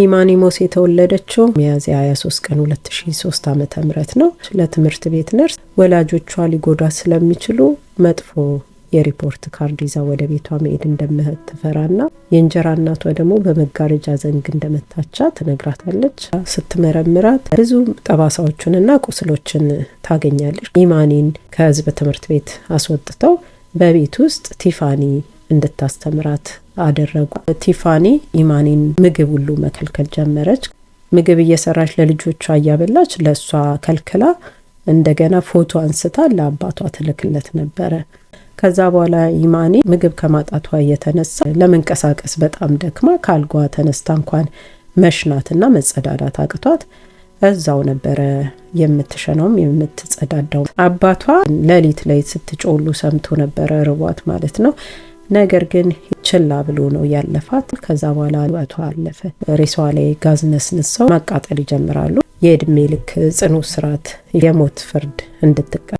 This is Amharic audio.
ሂማኒሞስ የተወለደችው ሚያዝያ 23 ቀን 2003 ዓ ም ነው። ለትምህርት ቤት ነርስ ወላጆቿ ሊጎዳ ስለሚችሉ መጥፎ የሪፖርት ካርድ ይዛ ወደ ቤቷ መሄድ እንደምትፈራና የእንጀራ እናቷ ደግሞ በመጋረጃ ዘንግ እንደመታቻ ትነግራታለች። ስትመረምራት ብዙ ጠባሳዎችንና ቁስሎችን ታገኛለች። ኢማኒን ከህዝብ ትምህርት ቤት አስወጥተው በቤት ውስጥ ቲፋኒ እንድታስተምራት አደረጉ። ቲፋኒ ኢማኒን ምግብ ሁሉ መከልከል ጀመረች። ምግብ እየሰራች ለልጆቿ እያበላች ለእሷ ከልክላ እንደገና ፎቶ አንስታ ለአባቷ ትልክለት ነበረ። ከዛ በኋላ ኢማኒ ምግብ ከማጣቷ የተነሳ ለመንቀሳቀስ በጣም ደክማ ከአልጋዋ ተነስታ እንኳን መሽናትና መጸዳዳት አቅቷት እዛው ነበረ የምትሸነውም የምትጸዳዳው። አባቷ ሌሊት ላይ ስትጮሉ ሰምቶ ነበረ፣ ርቧት ማለት ነው። ነገር ግን ችላ ብሎ ነው ያለፋት። ከዛ በኋላ ህይወቷ አለፈ። ሬሷ ላይ ጋዝ ነስንሰው ማቃጠል ይጀምራሉ። የእድሜ ልክ ጽኑ እስራት፣ የሞት ፍርድ እንድትቀ